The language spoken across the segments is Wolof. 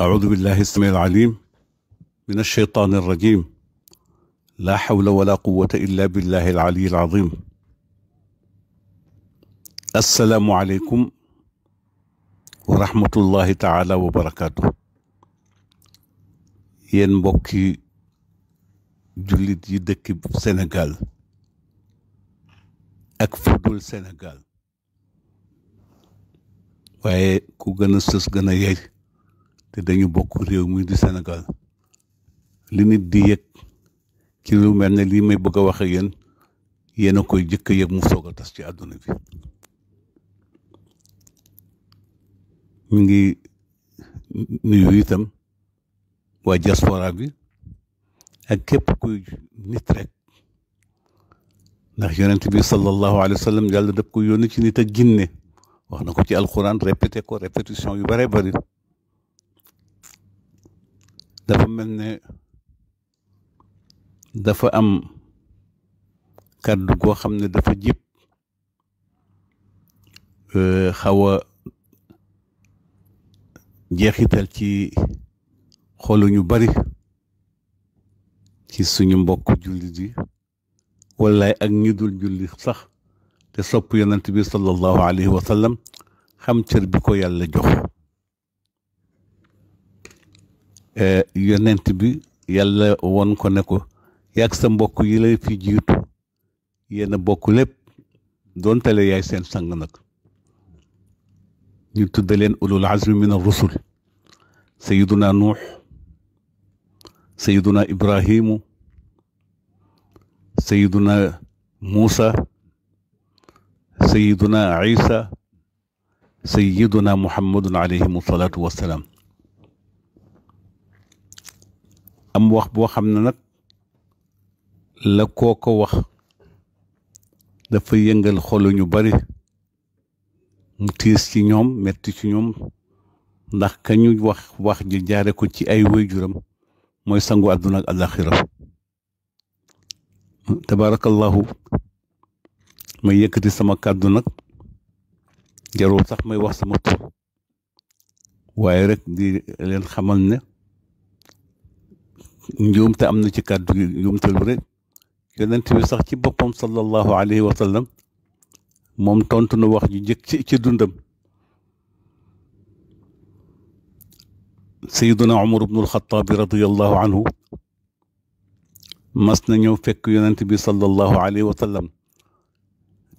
أعوذ بالله السميع العليم من الشيطان الرجيم لا حول ولا قوة إلا بالله العلي العظيم السلام عليكم ورحمة الله تعالى وبركاته ينبكي جلد يدك سنغال أكفد السنغال وهي fudul غنيه te dañu bokk réew mi di Sénégal li nit di yëg ci lu mel ne lii may bëgg a wax ak yéen yéen a koy jëkk a yëg mu soog a tas ci àdduna bi ñu ngi nuyu itam waa diaspora bi ak képp kuy nit rek ndax yonent bi sallallahu alayhi wa sallam yàlla daf ko yónni ci nit ak jinne wax na ko ci alquran répété ko répétition yu bare bari dafa mel ne dafa am kàddu goo xam ne dafa jib xaw a jeexital ci xolu ñu bari ci suñu mbokk jullit yi wallaay ak ñi dul julli sax te sopp yonent bi sallallahu alayhi wa sallam xam cër bi ko yàlla jox yonent bi yàlla won ko ne ko yàgg sa mbokk yi la fi jiitu yéen a bokk lépp doon tale yaay seen sang nag ñu tudda leen ulul azmi min ar-rusul sayiduna nuux sayiduna ibrahimu sayiduna muusa sayiduna isa sayiduna muhammadun alayhim salaatu wassalaam am wax boo xam ne nag la koo ko wax dafa yëngal xolu ñu bari mu tiis ci ñoom metti ci ñoom ndax ka ñu wax wax ji jaare ko ci ay wayjuram mooy sangu àdduna ak àllaaxira tabaarakallahu may yëkkati sama kàddu nag jarul sax may wax sama tur waaye rek di leen xamal ne njumte amna ci kaddu njumte lu re yonent bi sax ci bopam sallallahu alayhi wa sallam mom tontu na wax ju jek ci ci dundam سيدنا عمر بن الخطاب رضي الله عنه مسنا نيو فك يونت بي صلى الله عليه وسلم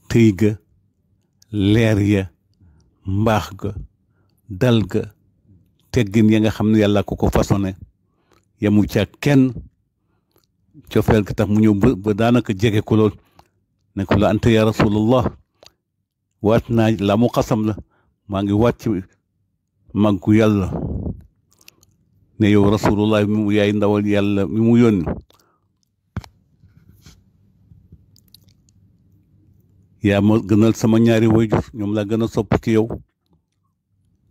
تيغ ليريا مباخغ دالغ تيغن ياغا خامن يالا كوكو فاسوني yemu ca kenn cofeel ka tax mu ñëw ba ba daanaka jege ko lool ne ko la anta ya rasulallah waat naa la mu xasam la maa ngi waat ci màggu yàlla ne yow rasulullah mi mu yaay ndawal yàlla mi mu yónni yaa ma gënal sama ñaari wayjur ñoom laa gën a sopp ci yow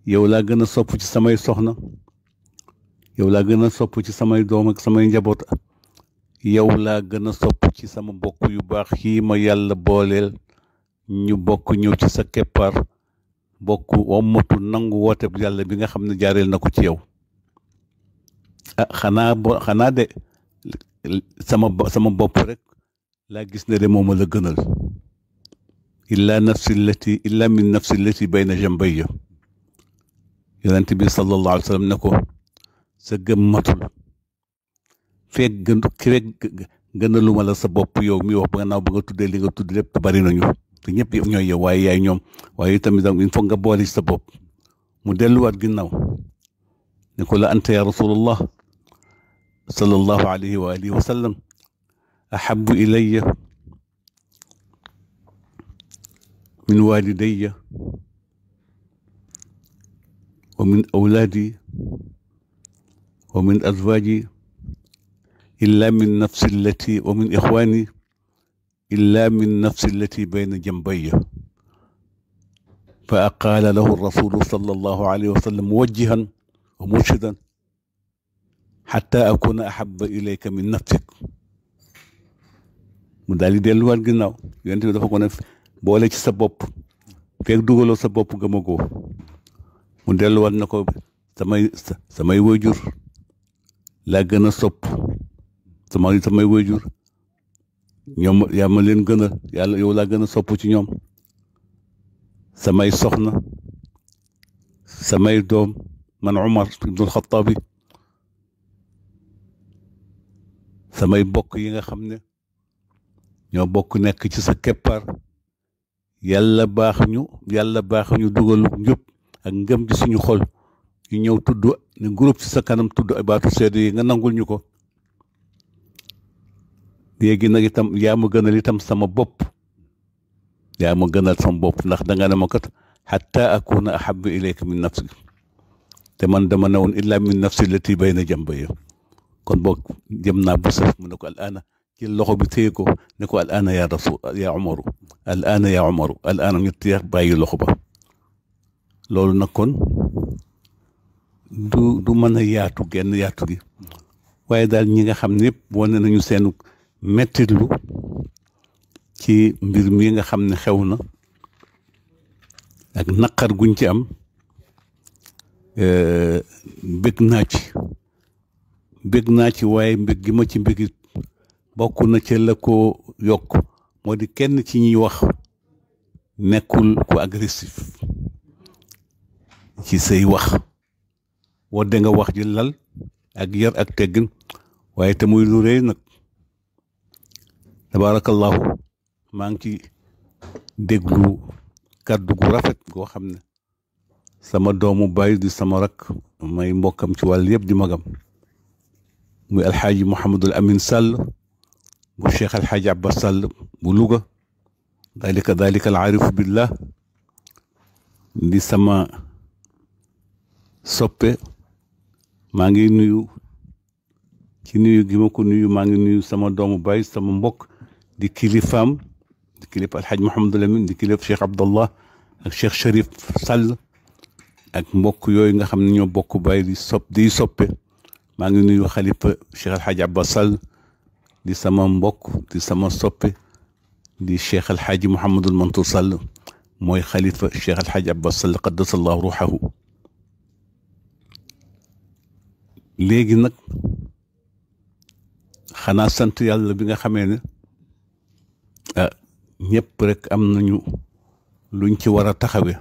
yow laa gën a sopp ci samay soxna yow laa gën a sopp ci samay doom ak samay njaboot yow laa gën a sopp ci sama mbokk yu baax yi ma yàlla booleel ñu bokk ñëw ci sa keppaar bokk wommatu nangu woote yàlla bi nga xam ne jaareel na ko ci yow ah xanaa bo xanaa de sama sama bopp rek laa gis ne de moom la gënal illa nafsi lati illa min nafsi lati bayna jambaya yonent bi sallallahu alayhi wa sallam ne ko سجم مطل فيك جنو مالا سبب يو ميو بانا بغتو دلينغ تو دلب تبارينو تنيب يو يو يو يو يو يو يو يو يو يو يو يو يو يو يو أنت يا رسول الله صلى الله عليه وآله وسلم أحب إلي من والدي ومن أولادي ومن أزواجي إلا من نفس التي ومن إخواني إلا من نفس التي بين جنبي فأقال له الرسول صلى الله عليه وسلم موجها ومرشدا حتى أكون أحب إليك من نفسك مدالي ديال الوال delluwaat يعني yonent bi بولي ko ne boole ci sa bopp feeg dugaloo sa bopp gëmagoo لكن الصب تمالي تمالي ويجور يوم يا ملين غنا يا يو لكن الصب وش يوم سماي سخنة سماي دوم من عمر بن الخطاب سماي بوك ييغا خامني ño bokk nek ci sa képpar yàlla baax ñu yàlla baax ñu dugal ñëpp ak ngëm ci suñu xol ñu ñëw tudd ne groupe ci sa kanam tudd ay baatu seede yi nga nangul ñu ko léegi nag itam yaa ma gënal itam sama bopp yaa ma gënal sama bopp ndax danga ne ma kat xatta akuna ahabu ilayka min nafsi te man dama newoon illa min nafsi lati bayna jambaya kon boog jëm naa ba sës mu ne ko al ana loxo bi téye ko ne ko al ana ya rasul ya umaru al ñu téye bàyyi loxo ba loolu nag kon du du mën a yaatu genn yaatu gi waaye daal ñi nga xam ne yépp wone nañu seenu mettitlu ci mbir mi nga xam ne xew na ak naqar guñ ci am eh, bëgg naa ci bëgg naa ci waaye mbëgg gi ma ci mbëggit bokk na ci la ko yokk moo di kenn ci ñuy wax nekkul ku agressif ci say wax wadde nga wax ji lal ak yar ak teggin waaye te muy lu réy nag tabarakallahu maa ngi ci déglu kàddu gu rafet goo xam ne sama doomu bàyyi di sama rak may mbokkam ci wàll yëpp di magam muy alxaaji mohamadul amin sàll bu cheikh alxaaji abbas sàll bu luga dalika dalika al arifu billah di sama soppe maa ngi nuyu ci nuyu gi ma ko nuyu maa ngi nuyu sama doomu baay sama mbokk di kilifaam di kilif alxaj Mouhamadou Lamine di kilif Cheikh Abdallah ak Cheikh Cherif Sall ak mbokk yooyu nga xam ne ñoo bokk baay di sopp di soppe maa ngi nuyu xalifa Cheikh alxaj Abbas Sall di sama mbokk di sama soppe di Cheikh alxaji Mouhamadul Mansour Sall mooy xalifa Cheikh alxaj Abbas Sall qaddasa allahu ruuxahu léegi nag xanaa sant yàlla bi nga xamee ne ah ñëpp am nañu luñ ci war a taxawe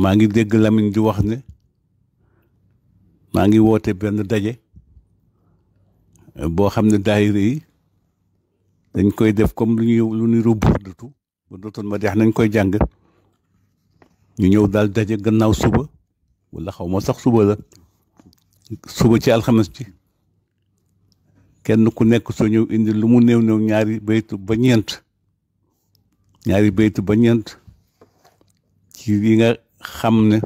maa ngi dégg Lamine di wax ne maa ngi woote benn daje boo xam ne daayira yi dañ koy def comme lu ñuy lu ñuy rubburdatu ba dootoon ma deex nañ koy jàng ñu ñëw daal daje gannaaw suba walla xaw ma sax suba la suba ci alxames ci kenn ku nekk soo ñëw indi lu mu néew néew ñaari baytu ba ñeent ñaari baytu ba ñeent ci yi nga xam ne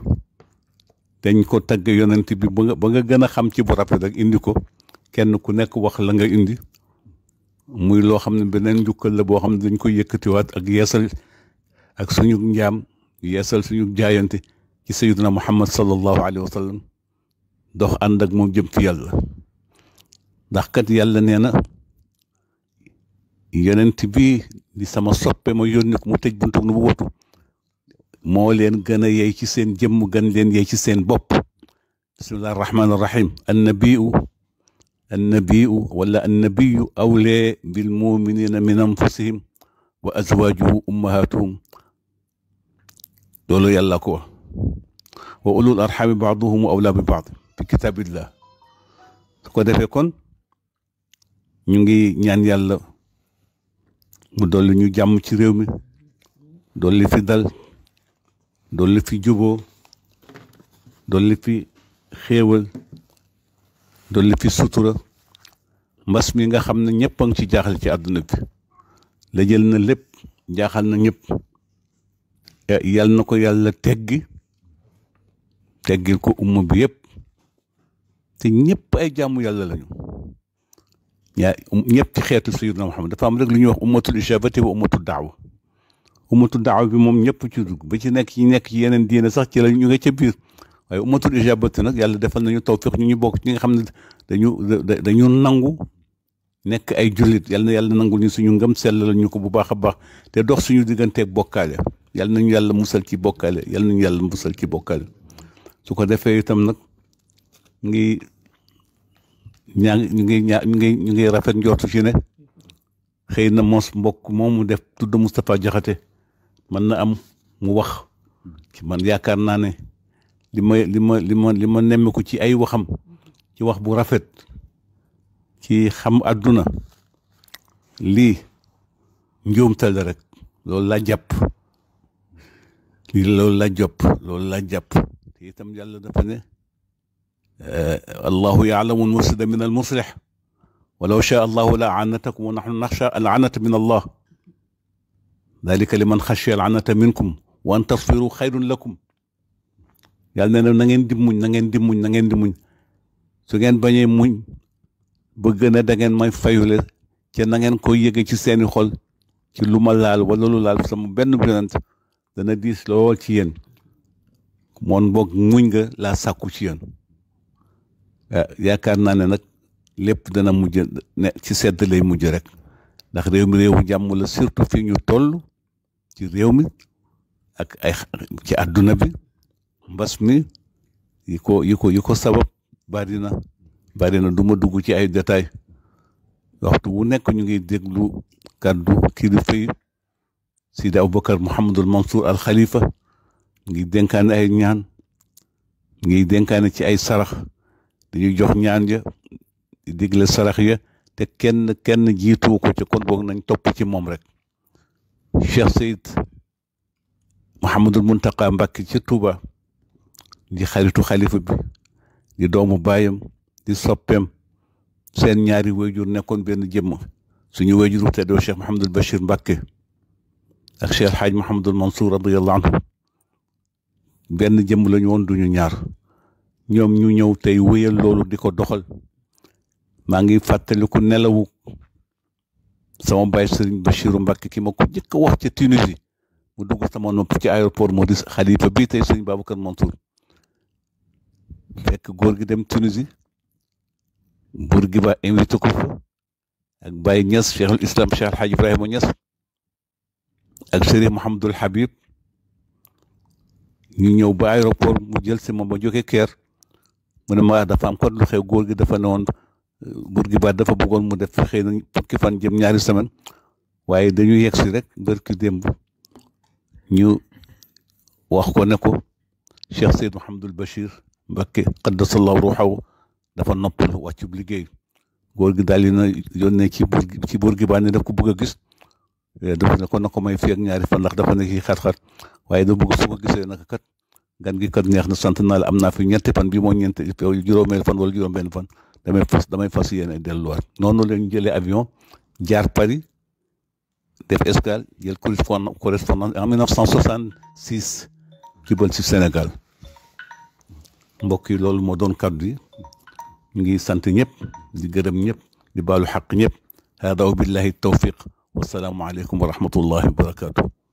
dañ ko tagg yonent bi ba nga gën a xam ci bu rafet rek indi ko kenn ku nekk wax la nga indi muy loo xam ne beneen njukkal la boo xam ne dañ koy yëkkatiwaat ak yeesal ak suñu njaam yeesal suñu jaayante ci sayyidina muhammad sallallahu alayhi wa sallam dox ànd ak moom jëm fi yàlla ndax kat yàlla nee na yonent bi di sama soppe ma yónni ko mu tëj buntu nu bu watu moo leen gën a yey ci seen jëmm gën leen yey ci seen bopp bismillahi rahmaan rahim annabiu annabiu wala annabiu awlee bil muminina min anfusihim wa azwaajuhu ummahatuhum loolu yàlla ko wa ulul arxami baaduhum awlaa bi baad bi la su ko defee kon ñu ngi ñaan yàlla mu dolli ñu jàmm ci réew mi dolli fi dal dolli fi juboo dolli fi xéewal dolli fi sutura mbas mi nga xam ne ñëpp a ngi ci jaaxal ci àdduna bi la na lépp jaaxal na ñëpp eh, yàlla na ko yàlla teggi teggil ko umma bi yëpp te ñëpp ay jàmm yàlla lañu ñaa ñëpp ci xeetu sayyidina Muhammad dafa am rek lu ñuy wax ummatul ijabati wa ummatul daawa ummatul daawa bi moom ñëpp ci dugg ba ci nekk ci nekk ci yeneen diine sax ci la ñu nga ca biir waaye ummatul ijabati nag yàlla defal nañu tawfiq ñu ñu bokk ci ñi nga xam ne dañu dañu nangu nekk ay jullit yal na yàlla nangul ñu suñu ngëm sellal ñu ko bu baax a baax te dox suñu digganteeg bokkaale yal nañu yàlla musal ci bokkaale yal nañu yàlla musal ci bokkaale su ko defee itam nag ngi ñaa ngi ñu ngi ñaa ñu ngi ñu ngi rafet njortu ci ne xëy na mos mbokk mu def tudd Moustapha jaxate mën na am mu wax man yaakaar naa ne li ma li ma li ma li nemmeeku ci ay waxam ci wax bu rafet ci xam àdduna lii njuumtal la rek loolu laa jàpp lii loolu laa jopp loolu laa jàpp te itam yàlla dafa ne آه، الله يعلم المفسد من المصلح ولو شاء الله لعنتكم ونحن نخشى العنة من الله ذلك لمن خشي العنة منكم وأن تصفروا خير لكم يعني نحن نحن نحن نحن نحن نحن نحن سوغن باني موغ بغنا داغن ماي فايول تي ناغن كو ييغي سي سين خول تي لوما لال ولا لو لال سام بن بنت دا ديس لول تي يين مون بوك لا ساكو Eh, yaakaar naa ne nag lépp dana mujj ne ci sedd lay mujj rek ndax réew mi réewu jàmm la surtout fii ñu toll ci réew mi ak ay ci àdduna bi mbas mi yi ko yi ko yi ko sabab bari na bari na du ma dugg ci ay détail waxtu wu nekk ñu ngi déglu kàddu kilifa yi Sidi Aboubacar Mouhamadul Mansour al Khalifa ngi dénkaane ay ñaan ngi dénkaane ci ay sarax dañuy jox ñaan ya di digle sarax ya te kenn kenn jiitu ko ci kon boog nañ topp ci moom rek Cheikh Seyd Mouhamadul Muntaqa Mbàkke ci Touba di xaritu xalifa bi di doomu baayam di soppeem seen ñaari wayjur nekkoon benn jëmm suñu wayjur te doo Cheikh Mouhamadul Bachir Mbàkke ak Cheikh Alhaaj Mouhamadul Mansour radiyallahu anhu benn jëmm lañu woon duñu ñaar ñom ñu ñëw tay wëyel loolu diko doxal ma ngi ku nelawu sama bay serigne Bachiru mbacke ki ma ko njëkk wax ci Tunisie mu dugg sama nopp ci aéroport moo di xalifa bii tey sëriñ Babacar Mansour fekk góor gi dem Tunisie buur gi ba invité ko fa ak bay Niass Cheikhul Islam Cheikh Alhaaj Ibrahima Niass ak sëriñ Mouhamadul Habib ñu ñëw ba aéroport mu jël sama ma ma jóge Kër mu ne ma dafa am kon lu xew góor gi dafa ne woon góor gi baat dafa bëggoon mu def xëy na fukki fan jëm ñaari semaine waaye dañu yegg si rek bërki démb ñu wax ko ne ko Cheikh Seyd Mouhamadul Bachir Mbacké qaddasallahu ruuxahu dafa noppal wàccub liggéey góor gi daal di na yónnee ci buur ci buur gi baat ne daf ko bëgg a gis dafa ne ko na ko may fii ak ñaari fan ndax dafa ne kii xat-xat waaye da bëgg su ko gisee naka kat gan gi kër neex na sant na la amna fi ñetti fan bi mo ñent juroom juróomeel fan wala juroom ben fan damay fas damay fas delu wat nonu leen jëlé avion jaar Paris def escale jël correspondance en 1966 ci bal ci Sénégal mbokk yi lolu mo doon kaddu yi ñu ngi sant ñep di gëreem ñep di balu haq ñep hada wa billahi tawfiq wasalaamu aleykum wa rahmatullahi wa barakatuh